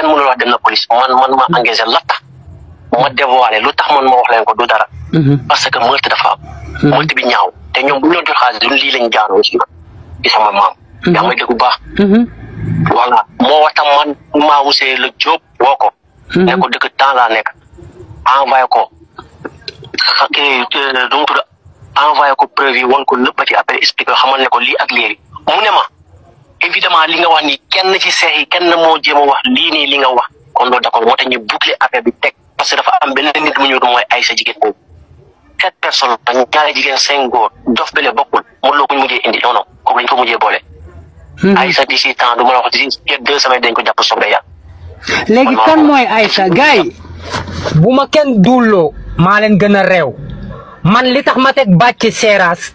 kenn mënul wax dem na police man man ma engagé la tax ma dévoilé lu tax man ma wax leen ko du dara. Mhm. parce que meurtre dafa am. Mhm. meurtre bi ñaaw te ñoom bu ñu doon jot xaalis du lii lañ jaanoo ci ci sama maam. Mhm. yaa may ma bu baax. voilà moo watam la Diop woo ko. ne ko dëkk temps laa nekk envoyé ko xa kii du mu tudd envoyé ko prévu woon ko lépp ci appel ak lii mu évidemment li nga wax ni kenn ci seex yi kenn mo jéem wax li ni li nga wax kon do dako accord moo ñu boucler affaire bi tek parce que dafa am benn nit mu ñu do moy aïssa jigen boobu sept personnes tan ñaari jigen cinq góor dof bele bokul mu lo ko ñu mujjee indi non non ko dañ ko mujjee boole. Hmm. ay sa ci temps du ma la wax ci deux semaines dañ ko japp sobe ya légui léegi kan mooy Aïcha gars yi bu ma kenn dulloo maa leen gën a man li tax ma tek bacci séras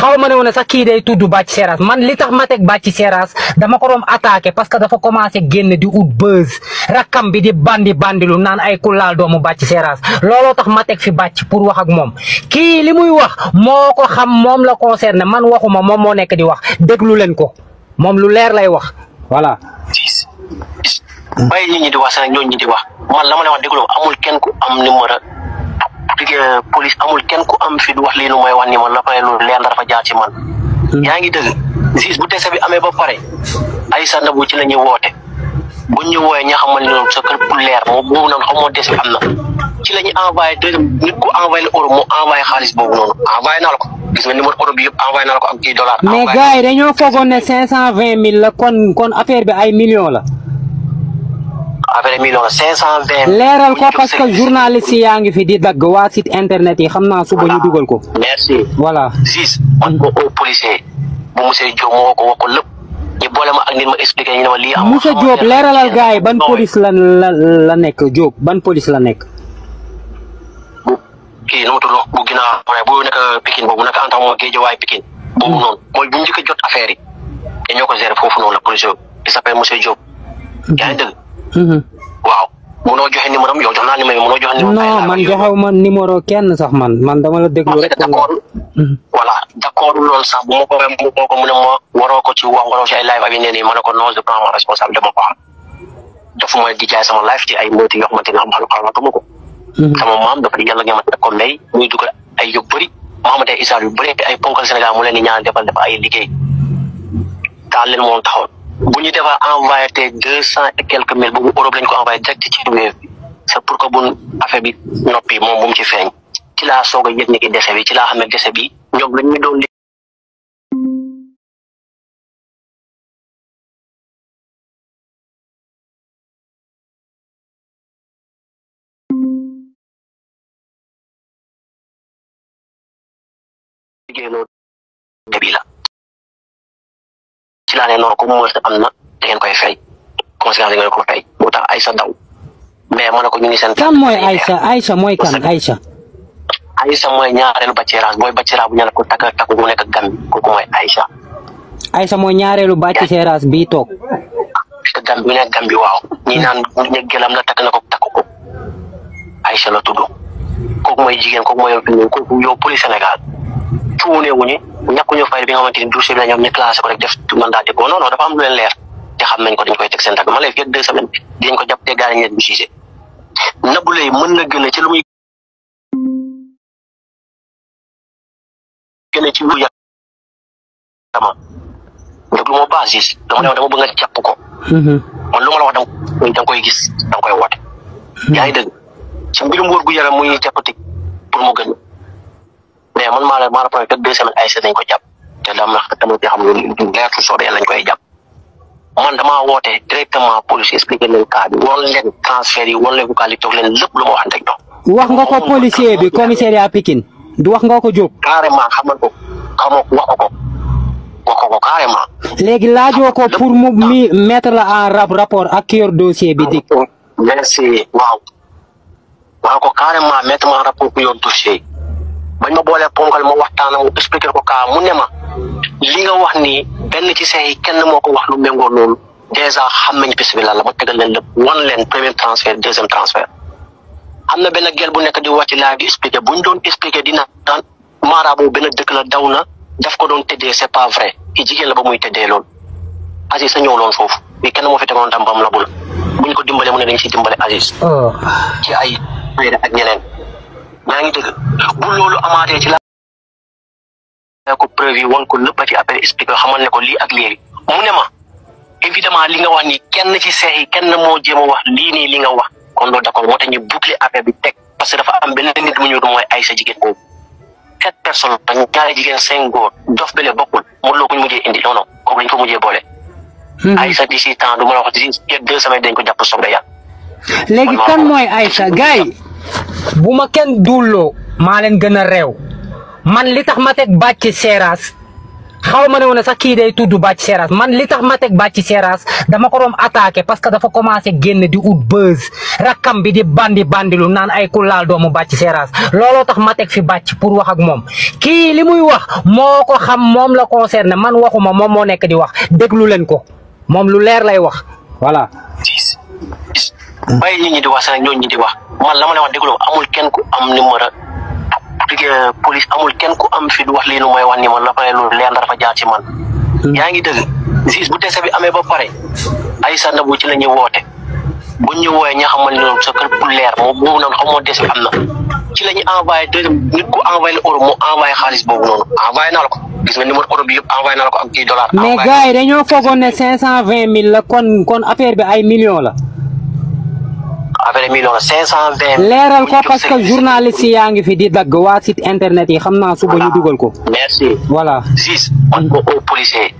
xaw ma ne wona sax ki day tuddu Bathie Seras man li tax matek teg Seras dama ko rom attaquer parce que dafa commencer génn di out buzz rakam bi di bandi bandilu nan ay kulal laal doomu Bathie Seras lolo tax matek fi bac pour wax ak mom ki li muy wax moko ko xam mom la concerné man waxuma mom mo nek di wax deglu len ko mom lu leer lay wax voilà. bay ñi di wax sax ñoo ñi di wax man lama ne wax deglu amul kenn ku am numéro. Euh, police amul kenn ku am fi du wax lii nu man la pare leer dafa jaar ci man. Hmm. yaa ngi dëgg bu tese bi amee ba pare ay sanda bu ci la ñuy woote bu ñu wooyee ña xamal ne sa kër pour leer moom boobu noonu xam moo des am na ci la ñu envoyé nit ku envoyé la euro mu envoyé xaalis boobu noonu envoyé naa la ko gis nga numéro euro bi envoyé naa ko ak kii dollar. mais gars yi dañoo foogoon ne cinq cent vingt mille la kon kon affaire bi ay millions la. affaire million cinq cent vingt. leeral ko parce que journaliste yaa ngi fi di dagg waa site internet yi xam naa suba ñu dugal ko. merci voilà. siis man ko au policier bu monsieur Diop moo ko wax lépp ñu boole ma ak nit ma ban police la la la nekk Diop ban police la nekk. bu kii nu bu ginnaaw bu nekk Pikine boobu nekk a tant que géejawaay Pikine. boobu hmm. noonu mooy bu njëkk jot affaire yi. te ñoo ko gérer foofu noonu la police bi s'appelle monsieur Diop. yaa ngi dégg. Hmm. Hmm. waaw munoo joxe numéro am yow jox naa numéro munoo joxe. numéro non man joxewu ma numéro kenn sax man man dama la déglu rek. d'accord mm-hmm. voilà d'accord loolu sax bu ma ko waxee mu ko mu ne ma waroo ko ci wax waroo ci ay live abi nee nañ ma ne ko non je prends ma responsable dama ko xam dafa ma di jaay sama live ci ay mbéyte yoo xamante ne am xamatuma ko. Mm-hmm. sama maam dafa di yàlla nga xamante ne comme day muy dugal ay yu bëri Mouhamadou Issa yu bëri ay ponkal Sénégal mu leen di ñaan defal dafa ay liggéey daal leen moom taxoon. bu ñu defar envoyé te deux cent et quelques mille boobu Europe lañ ko envoyé direct ci wéef bi c'est pour que bu affaire bi noppi moom bu mu ci feeñ ci laa soog a yëg ni ki dese bi ci laa xam ne dese bi ñoom lañ ñu doon liggéeyloo debi la laa non ko mo am amna da ngeen koy fay conséquence ngeen ko fay motax tax Aïssa daw mais monako ñu ngi sen kan moy Aïssa Aïssa moy kan Aïssa. Aïssa moy ñaarelu bàcceeraas booy bàcceeraas bu ñu ko tak tak takk bu nekk gan ko moy Aïssa. Aïssa moy ñaarelu bàcceeraas bi tok te gan bi nekk gan bi waaw ñi naan ñe gelam la tak na ko takk ko Aïssa la tuddu ko moy jigen ko moy yow yow police Sénégal tuune wuñu ñàkkuñu fay bi nga xamante ni dossier bi la ñoom ñu classé ko rek def mandat de dépôt non non dafa am lu leen leer te xam nañ ko dañ koy teg seen man lay fekk deux semaines dinañ ko jàpp te gaa yi ñu bu jugé Nabou Leye mën na gën a ci lu muy gën a ci wér yaramam déglu ma basis dama ne dama bëgg nga jàpp mm-hmm. man lu ma la wax koy gis danga koy woote yaa ngi mm-hmm. ci mbirum wër gu muy jàppati pour gën mais man maa la maa la kat deux semaines ay seen nañ ko jàpp te dama dama xam lu leer su man damaa woote directement police expliqué leen cas bi woon leen transfert yi woon leen ko lu ma waxante ak ñoom. wax nga ko policier bi commissariat Pikine du wax nga ko Diop. carrément xamal ko xamoo wax ko ko wax ko ko carrément. mu mi la en rapport ak yor dossier bi dik merci waaw maa ko bañ ma boolee ponkal ma waxtaan ak expliqué ko kaa mu ne ma li nga wax ni benn ci say kenn moo ko wax lu méngoo loolu dèjà xam nañ bés bi la ma tegal leen lépp wan leen premier transfert deuxième transfert. am na benn gel bu nekk di wàcc laa di expliqué buñ doon expliqué dina daan maaraabu benn dëkk la daw na daf ko doon tëddee c'est pas vrai i jigéen la ba muy tëddee loolu. Aziz sa ñëw loon foofu mais kenn moo fi te tam bam la bu la buñ ko dimbalee mu ne dañ si oh. ay ak ñeneen. yaa ngi dëgg bu loolu amaatee ci laa ko preuve yi wan ko lépp ci appel expliqué xamal ne ko lii ak léegi mu ne ma évidemment li nga wax ni kenn ci seex kenn moo jéem a wax lii nii li nga wax kon loolu d'accord moo tax ñu boucler affaire bi teg parce que dafa am benn nit mu ñëw du mooy ay sa jigéen boobu quatre personnes dañ ñaari jigéen cinq góor dof bële bokkul mu loo ko ñu indi non ko kooku dañ ko mujjee boole. Hmm. Aïssa d'ici temps du ma la wax d'ici deux semaines dañ ko jàpp soog da mooy Aïssa gars yi buma ken dulo malen gëna rew man li tax ma tek bacc seras xaw ma ne woon sax ki day tuddu bacc seras man li tax ma tek bacc seras dama ko rom attaquer parce que dafa commencer genn di out buzz rakam bi di bandi lu nan ay ku laal doomu seras. seras lolo tax ma tek fi bacc pour wax ak mom ki li muy wax moko xam mom la concerné man waxuma mom mo nek di wax deglu len ko mom lu leer lay wax voilà bàyyi nit ñi di wax seen ñooñu ñi di wax man la ma lay wax déglu amul kenn ku am a liggéey euh, police amul kenn ku am fi du wax lii nu may wax ni man la pare lu leer dafa jaar ci man. Hmm. yaa ngi dëgg gis bu dese bi amee ba pare ay sànna bu ci la ñuy woote bu ñu wooyee ña xamal ne loolu sa kër pour leer moom xam am na ci la ñuy envoyé deuxième nit ku envoyé la euro mu envoyé xaalis boobu noonu envoyé naa la ko gis nga numéro euro bi yëpp envoyé naa la ko ak kii dollar. mais gars yi dañoo cinq cent vingt mille la kon kon affaire bi ay millions la. affaire yi million cinq cent vingt. leeral ko parce que journaliste yaa ngi fi di dagg waa site internet yi xam naa suba ñu dugal ko. merci voilà. siis man ko au policier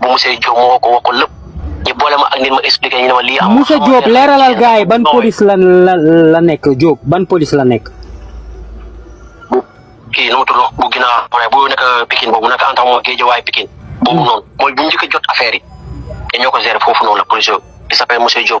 bu monsieur Diop moo ko waxul lépp ñu boole ma ak nit ma expliqué ñu ne leeralal gars ban police la la la nekk Diop ban police la nekk. bu kii nu mu bu ginnaaw bu nekk Pikine boobu nekk en tant que mooy géejawaay bu njëkk a jot affaire yi. te ñoo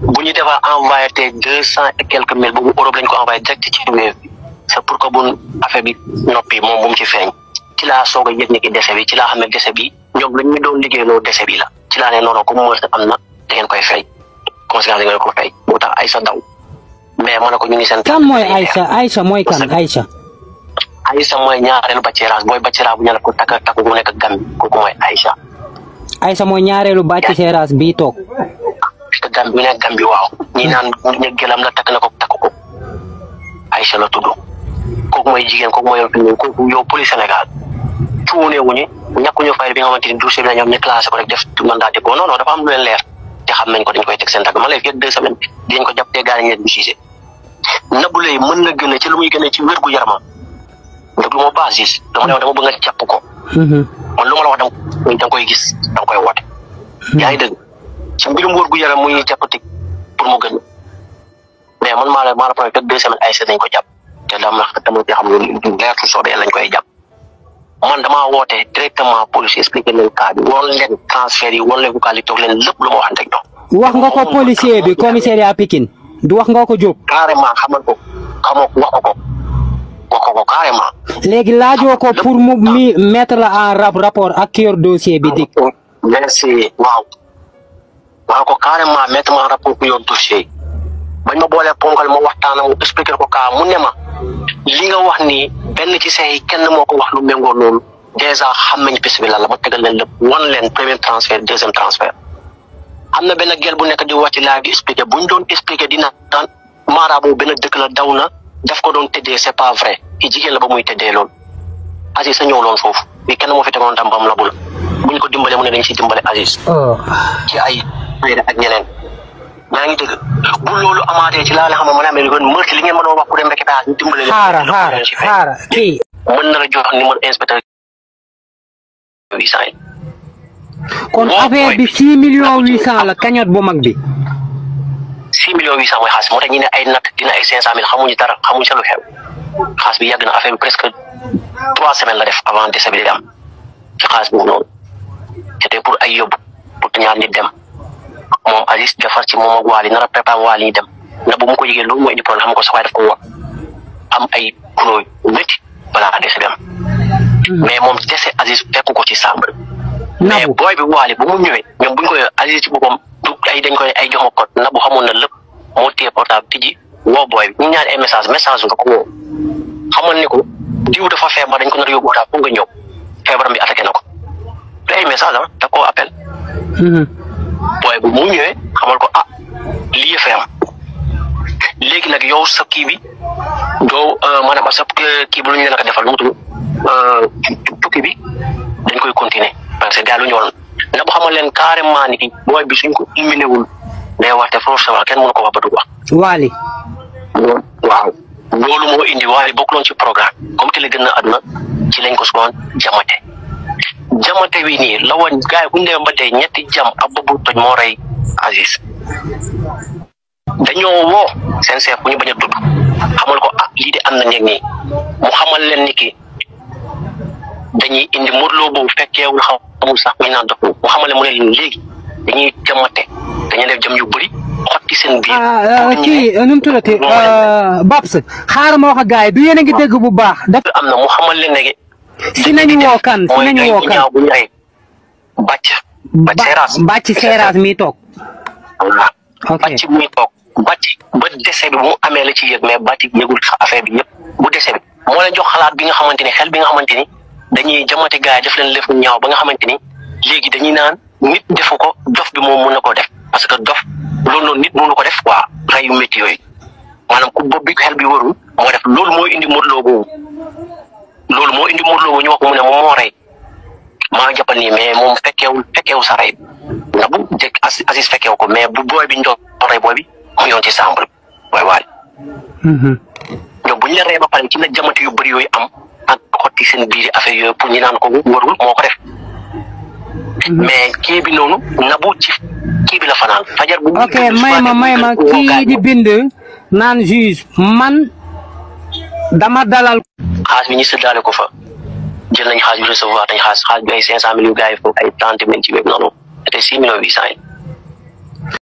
bu ñu defar envoyé te deux cent et quelques mille boobu Europe lañ ko envoyé direct ci wéef bi c'est pour que bu affaire bi noppi moom bu mu ci feeñ ci laa soog a yëg ki dese bi ci laa xam ne dese bi ñoom lañ ñu liggéey liggéeyloo dese bi la ci laa ne noonu comme mooy am na da ngeen koy fay conséquence da ngeen ko fay moo tax Aïssa daw mais ma ne ko ñu ngi seen. kan mooy Aïssa Aïssa mooy kan ba Aïssa mooy ba bàcceeraas booy bu ñu la ko takk takk bu nekk Gambie kooku mooy Aïssa. Aïssa mooy ñaareelu bàcceeraas bi toog. te gam bi ne gam bi waaw ñi naan ne gelam la takk ko takk ko Aïcha la tudd kooku mooy jigéen kooku police Sénégal tuune wuñu ñàkkuñu fayal bi nga xamante ni dossier bi la ñoom ñu classé ko rek def mandat dépôt non non dafa am lu leer te xam nañ ko dañ koy teg seen ma lay fekk deux semaines dinañ ko jàpp te gaal ñett bi siise Nabou Leye mën ci lu muy gën ci wér gu yaramam déglu ba basis dama ne dama bëgg nga ko mm-hmm. man lu ma la wax danga koy gis danga koy woote mm-hmm. yaa ngi ci mbirum wóor gu yaram muy jàppati pour mu gën mais man maa la maa la promet fekk ay semaines lañ ko jàpp te dama dama koy jàpp man damaa woote directement police expliqué leen cas bi woon leen transfert yi woon leen vocal yi bi commissariat Pikine wax nga ko Diop. carrément xamal ko xamoo ko wax ko ko ko carrément. léegi laajoo ko pour mu mi mettre la en rapport ak ki yor bi di. merci waaw. maa ko carrément mettre ma en rapport ku yoon ma boolee ponkal ma waxtaana mu expliquer ko kaa mu ne ma li nga wax ni benn ci say kenn moo ko wax lu méngoo loolu dèjà xam nañ bés bi lan la ma tegal leen lépp wan leen premier transfert deuxième transfert am na benn gel bu nekk di wàcc live di expliquer bu ñu doon expliquer dina daan maaraabu benn dëkk la daw na daf ko doon tëddee c'est pas vrai i jigéen la ba muy tëddee loolu Aziz sa ñëw loon foofu kenn moo fi tegoon tam bam la bu ko dimbalee mu ne dañ siy dimbale Aziz oh. ci Seyda ak ñeneen maa ngi dégg bu loolu amaatee ci laa la xam ne mën naa mel ni kon meurtre kon affaire bi six millions bu mag bi. six millions huit cent mooy xaalis moo tax ñu ay natt dina ay cinq cent xamuñu dara xamuñu sa lu xew xaalis bi yàgg na affaire bi trois semaines la def avant décès bi di am ci ay yóbbu pour ñaar nit dem. moom Aziz defar ci moom ak Waly nar a préparé dem na bu ko yëgee loolu mooy indi problème sax waaye daf ko am ay gunóor yu métti balaa dese bi am. Hmm. mais moom dese Aziz fekk ko ci sàmm. mais booy bi Waly bu mu ñëwee ñoom bu ko koy Aziz ci boppam du ay dañ koy ay jox ma na bu xamoon na lépp moo téye portable tijji woo booy bi ñu ñaan ay message message nga ko woo xamal ni ko diw dafa feebar dañ ko nar a yóbbu otaab pour nga ñëw feebaram bi attaqué na ko. booy bu mu ñëwee xamal ko ah lii yëfee léegi nag yow sa kii bi doo euh, ma sa kii bi lu ñu leen a ko defal lu mu tudd euh, tukki bi dañ koy continuer parce que daal lu ñu waroon na bu xamal leen carrément ni ki bi suñ ko éliminé wul day waxte forcément kenn mun ko wax ba dugg wax. waali. waaw moo indi waali bokkuloon ci programme comme que li gën a àdduna ci lañ ko soxla jamate. jamate wi ni la won gaay bu ndem ba tay ñetti jam abubu toj mo ray aziz dañoo wo sen seef bu ñu baña a xamal ko ah li di am na ñeg nii mu xamal len niki dañuy indi murloo boobu fekkeewul xamul sax muy naan dofu mu xamal mu len legi dañuy jamate dañu def jam yu bëri xotti seen biir kii nu mu tuddati babs xaar mo wax gaay du yene a ngi dégg bu baax dafa amna mu xamal len legi dinañu woo kan dinañu woo kan mooy ñooy bàcc. bàcc seeraas bàcc seeraas mi toog. ok bàcc muy toog bàcc ba dese bi mu amee la ci yëg mais bàcc yëgul sax affaire bi yëpp bu dese bi moo leen jox xalaat bi nga xamante ni xel bi nga xamante ni dañuy jamante gars yi def leen ba nga xamante ni léegi dañuy naan nit defu ko dof bi moom mun na ko def parce que dof loolu lool nit mënu ko def quoi rey yu métti yooyu ku bopp bi bi warul moo def loolu mooy indi motuloo boobu. loolu mo indi Modou Lo ñu wax mu ne mo moo rey maa jàppal nii mais mom fekkeewul fekkew sa ray na bu jek assis fekkew ko mais bu boy bi ñu ray boy bi ko yon ci sàmbal way waali ñoom bu ñu la ba pare ci na jamatu yu bari yoy am ak xotti seen biir affaire yoy pour ñi nan ko warul moko mm-hmm. def mais ki bi na nabu ci ki bi la fanal fajar bu ok mayma mayma ki di bind nan juge man dama dalal xaalis bi ñu séddaale ko fa jël nañ xaalis bi recevoir nañ xaalis xaalis bi ay cinq cent mille yu gars yi foofu ay trente mille ci wéb noonu c'était six millions yi